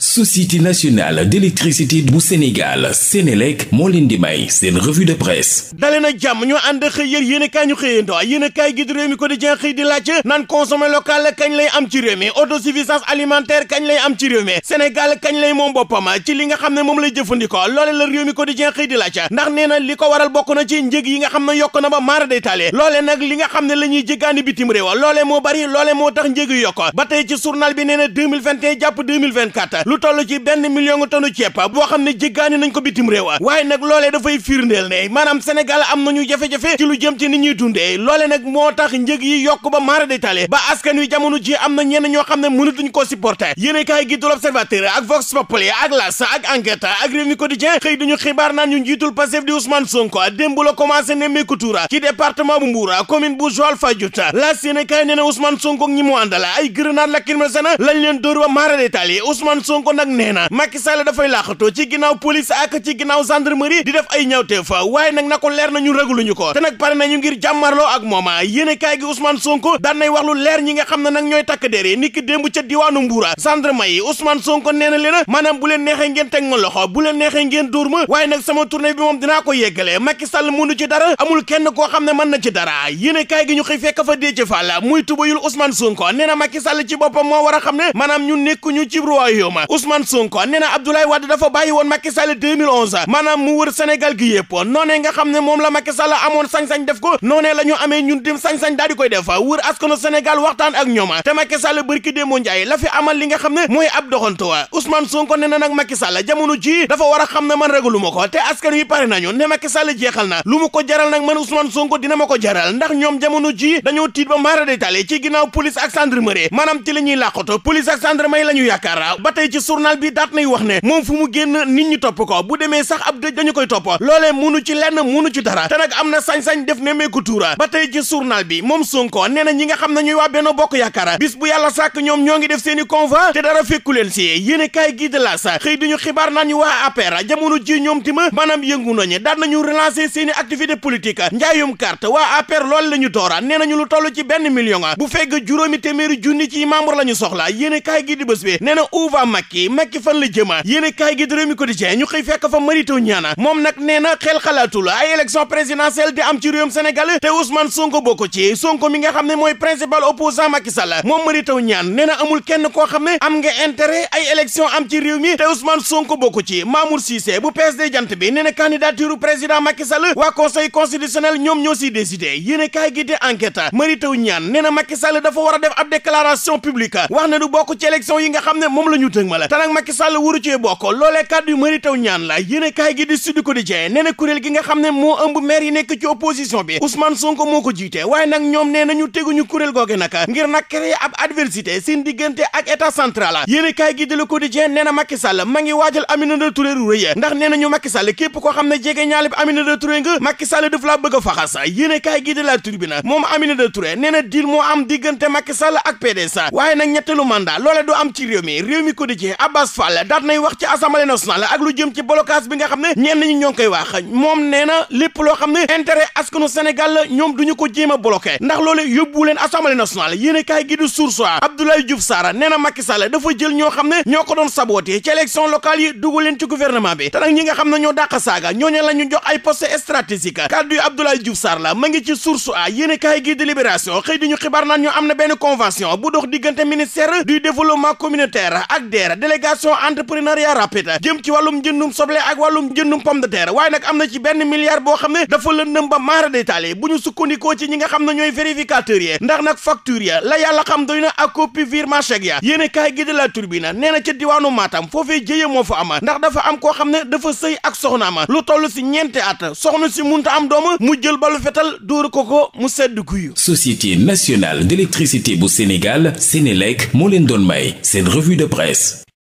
société nationale d'électricité bu Sénégal Sénélec moo leen di may seen revue de presse dalee na jàmm ñu ànd xëy yër yéen i kaay ñu xëyando yéen i kaay gi di réew mi quotidien xëy di laaj naan consommé local kañ lay am ci réew mi autosuffisance alimentaire kañ lay am ci réew mi Sénégal kañ lay moom boppam ci li nga xam ne moom lay jëfandikoo loole la réew mi quotidien xëy di laaj ndax nee na li ko waral bokk na ci njëg yi nga xam ne yokk na ba maara day taale loole li nga xam ne la ñuy jéggaani bitim réew loole moo bari loole moo tax njëg yi yokk ba tey ci journal bi nee na 2021 jàpp 2024 lu toll ci benn million tonu ceeb boo xam ne jéggaani nañ ko bitim réew waaye nag loolee dafay firndeel ne maanaam Sénégal am nañu jafe-jafe ci lu jëm ci nit ñuy dundee loole nag moo tax njëg yi yokk ba maara détaillé ba askan wi jamono ji am na ñenn ñoo xam ne mënatuñ koo supporter yéene kaay gi du l'Observateur ak Vox Populi ak L'As ak Enquête ak Rewmi Quotidien xëy duñu xibaar naan ñu njiitul Pastef di Ousmane Sonko démb la commencé nemmeeku tuura ci département bu Mbour commune bu Joal-Fadiouth L'As yéene kaay nee na Ousmane Sonko ñi mu leen dóor ba maara détaillé Sonko nag nee na Macky Sall dafay laaxatoo ci ginnaaw police ak ci ginnaaw gendarmerie di def ay ñawteef waaye nag na ko leer na ñu raguluñu ko te nag pare nañu ngir loo ak mooma ah. yéene kaay gi Ousmane Sonko daan nay wax lu leer ñi nga xam ne nag ñooy takk der yi niki démb ca diwaanu Mbuura ah. gendarme yi Ousmane Sonko nee na leen ah, maanaam bu leen neexee ngeen teg ma loxo bu leen neexee ngeen dóor ma waaye nag sama tournée bi moom dinaa ko yeggale Macky Sall mënu ci dara amul kenn koo xam ne mën na ci dara yéene kaay gi ñu fa dee ci fàlla muy tubayul Ousmane Sonko nee na Sall ci boppam moo war a xam ne maanaam ñu nekkuñu ci royaume Ousmane Sonko nee na Abdoulaye Wade dafa bàyyi woon Macky Sall 2011 maanaam mu wër Sénégal gi yëpp noonee nga xam ne moom la Macky Sall amoon sañ-sañ def ko noonee la ñu amee ñun dim sañ-sañ daal di koy def wër askanu Sénégal waxtaan ak ñoom te Macky Sall bërki déemoo Njaay la fi li nga xam ne mooy ab doxantu wa Ousmane Sonko nee na nag Macky Sall jamono ji dafa war a xam ne man ragalu ma ko te askan wi pare nañu ne Macky Sall jeexal na lu mu ko jaral nag man Ousmane dina ma ko jaral ndax ñoom jamono ji dañoo tiit ba maara détaillé ci ginnaaw police ak gendarmerie maanaam ci la ñuy làqoto police ak gendarmerie la ñu yaakaar ba ci journal bi daat nay wax ne moom fu mu génn nit ñi topp ko bu demee sax ab dëj dañu koy topp loolee munu ci lenn munu ci dara te nag am na sañ-sañ def nemmeeku tuura ba tey ci journal bi moom Sonko nee na ñi nga xam ne ñuy waa Benno Bokk Yaakaar bis bu yàlla sàkk ñoom ñoo ngi def seen i convoi te dara fekku leen si yéene kaay gi de la sa xëy duñu xibaar naan ñu waa APR jamono ji ñoom tima maanaam yëngu nañu daan nañu relancer seen i activité politique njaayum carte waa APR loolu la ñu doora nee nañu lu toll ci benn million bu fegg juróomi téeméeri junni ci membre la ñu soxla yéene kaay gi di bés bi nee na Macky Macky fan la jëma yéene kaay gi di Rewmi a ñu xëy fekk fa Mary Teuw Niane moom nag nee xel xalaatul ay élection présidentielle di am ci réewum Sénégal te Ousmane Sonko bokk ci Sonko mi nga xam ne mooy principal opposant Macky Sall moom Mary Teuw Niane nee amul kenn koo xam ne am nga intérêt ay élection am ci réew te Ousmane Sonko bokk ci Mamour Cissé bu PSD jant bi nee na candidature président Macky Sall waa conseil a def ab déclaration publique wax na dëgmal te nag Macky Sall waru cee bokk loolee kàddu yu Mary Teuw la yéene kaay gi di Sud Quotidien nee na kuréel gi nga xam ne moo ëmb maire yi nekk ci opposition bi Ousmane Sonko moo ko jiite waaye nag ñoom nee nañu teguñu kuréel googe nag ngir na créer ab adversité seen diggante ak état central yéene kaay gi di Le Quotidien nee na Macky Sall ma ngi waajal Aminata Touré ru rëy ndax nee nañu Macky Sall képp koo xam ne jege ñaalib Aminata Touré nga Macky Sall daf laa bëgg na deal moo am Quotidien Abbas Fall daat nay wax ci assemblée nationale ak ci blocage bi nga xam ne ñeen ñi ñoo ngi koy wax moom nee na loo xam ne intérêt askanu Sénégal la ñoom ñu ko jéem a bloqué ndax loolu yóbbu leen assemblée nationale yéen kaay gi du Source A Abdoulaye Diouf Sarr nee na Macky dafa jël ñoo xam ne ñoo ko doon saboté ci élection locale yi dugal leen ci gouvernement bi te nag ñi nga xam ne ñoo dàq saaga ñooñu la ñu jox ay poste stratégique kàddu yu Abdoulaye Diouf la ngi ci Source A yéen kaay gi délibération xëy ñu xibaar naan am na benn convention bu dox diggante ministère du développement communautaire ak terre délégation entrepreneuriat rapide jëm ci wàllum njëndum soble ak wàllum njëndum pomme de terre waaye nag am na ci benn milliard boo xam ne dafa lëndëm ba maara détaillé bu ñu sukkandikoo ci ñi nga xam ne ñooy vérificateur yi ndax nag facture ya la yàlla xam doy na ak copie virement chèque ya yéene kaay gi de la turbine nee na ca diwaanu Matam foofee jëye moo fa ama ndax dafa am koo xam ne dafa sëy ak soxnaama lu toll si ñeenti at soxna si munta am dooma mu jël balu fetal dóor ko ko mu sedd guyu Société nationale d'électricité bu Sénégal Sénélec moo leen doon may seen revue de presse